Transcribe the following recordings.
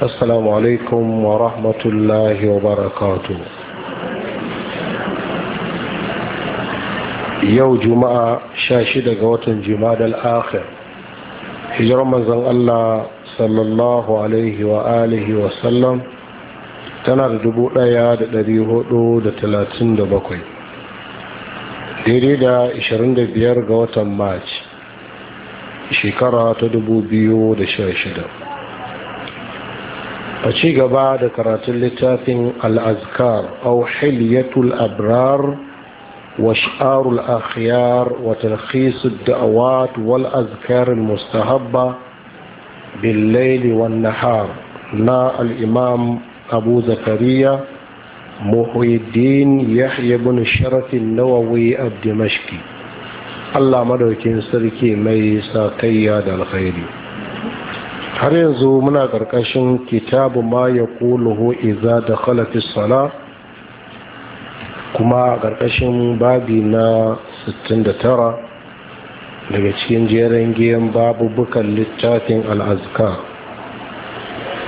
Asalamu alaikum wa rahmatullahi wa barakato. Yau Juma'a sha shida ga watan Juma'ar da al'aqiya, shi jarman Allah Sallallahu alaihi wa'aihi wa sallam tana da dubu ɗaya da ɗari hudu da talatin da bakwai, daidai da isharun da biyar ga watan Mac shekara ta dubu biyu da sha shida. a ci gaba da karatun littafin al'azkar au hilyatul abrar wa sha'arul akhiyar wa talkhisud da'awat wal azkar mustahabba billaili laili wan nahar na al abu zakariya muhyiddin yahya bin sharafin nawawi a dimashqi Allah madaukin sarki mai sakayya da alkhairi har yanzu muna ƙarƙashin kitabu ma ya ƙuluhu iza da khalafi sala kuma ƙarƙashin babi na 69 daga cikin jerin giyan babubukan littafin al'azka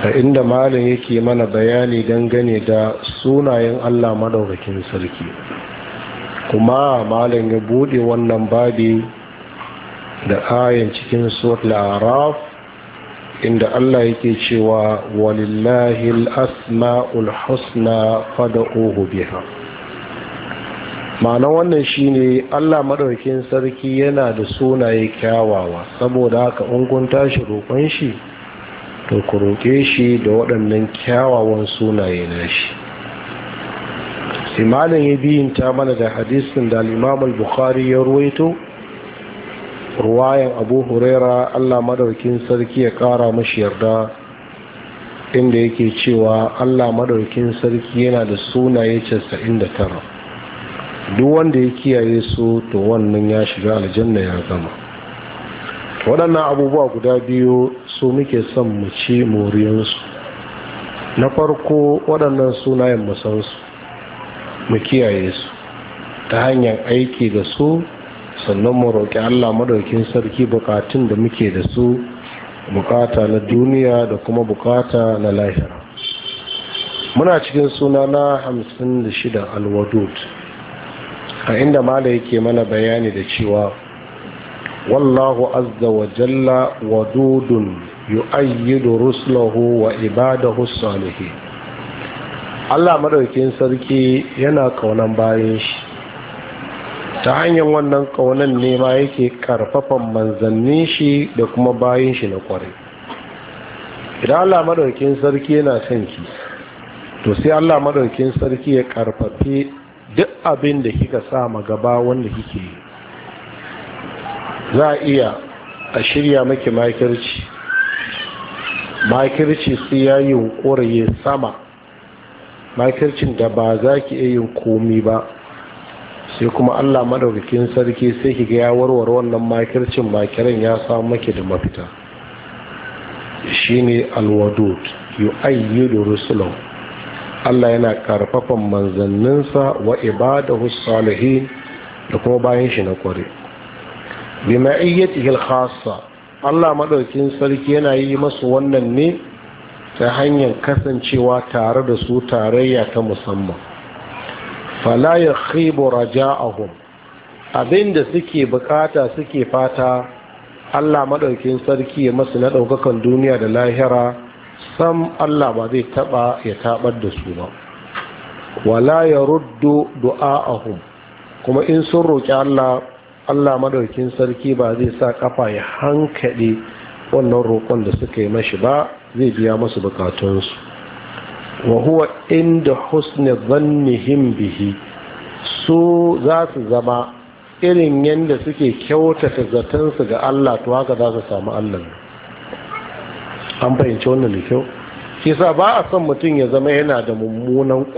da inda malin yake mana bayani dangane da sunayen allah maɗaukakin sarki kuma malin ya buɗe wannan babi da ayan cikin surat la'araf inda Allah yake cewa walillahi al-asma'ul husna fad'uhu biha ma'ana wannan shine Allah madaukakin sarki yana da sunaye kyawawa saboda haka in tashi roƙon shi to ku roƙe shi da waɗannan kyawawan sunaye shi imanin ya biyinta ta mana da hadisin da al bukhari ya ruwaito ruwayan abu huraira allah madaukin sarki ya kara mashi yarda inda yake cewa allah madaukin sarki yana da sunaye casa'in da tara duk wanda ya kiyaye su to wannan ya shiga aljanna ya gama waɗannan abubuwa guda biyu su muke son mu ci moriyarsu na farko waɗannan sunayen mu mu kiyaye su ta hanyar aiki da su sannan mu roƙi Allah madaukin sarki bukatun da muke da su bukata na duniya da kuma bukata na lahira muna cikin suna na hamsin da shida alwadud a inda mala yake mana bayani da cewa wallahu azza wa jalla wadudun yu'ayyidu rusulahu wa ibadahu salihin Allah madaukin sarki yana kaunan bayan shi ta hanyar wannan ƙaunan ne ma yake karfafan manzannin shi da kuma bayan shi na kwarai idan allah madaukin sarki yana son ki to sai allah madaukin sarki ya karfafe duk abin da kika sa ma gaba wanda kike yi za a iya a shirya maki makirci makirci sai ya yi sama makircin da ba za ki iya yin komi ba sai kuma allah madaukakin sarki sai ki ga ya warware wannan makircin makiran ya samu maki da mafita Shi shine alwadud da Rusulun. allah yana karfafan manzanninsa wa ibadahu salihin da kuma bayan shi na kware bi ma'iyyatihi hil khassa allah madaukakin sarki yana yi masu wannan ne ta hanyar kasancewa tare da su tarayya ta musamman fala ya khibu raja'ahum abinda suke bukata suke fata Allah madaukin sarki ya masu naɗaukakan duniya da lahira sam Allah ba zai taba ya taɓar da su ba wala ya ruddu du'a'ahum kuma in sun roki Allah Allah maɗaukin sarki ba zai sa ƙafa ya hankali wannan roƙon da suka yi mashi ba zai biya masu bukatunsu wa huwa inda husni zannihim bihi su za su zama irin yadda suke kyautata zatansu ga Allah to haka za su samu Allah an fahimci wannan da kyau kisa ba a son mutum ya zama yana da mummunan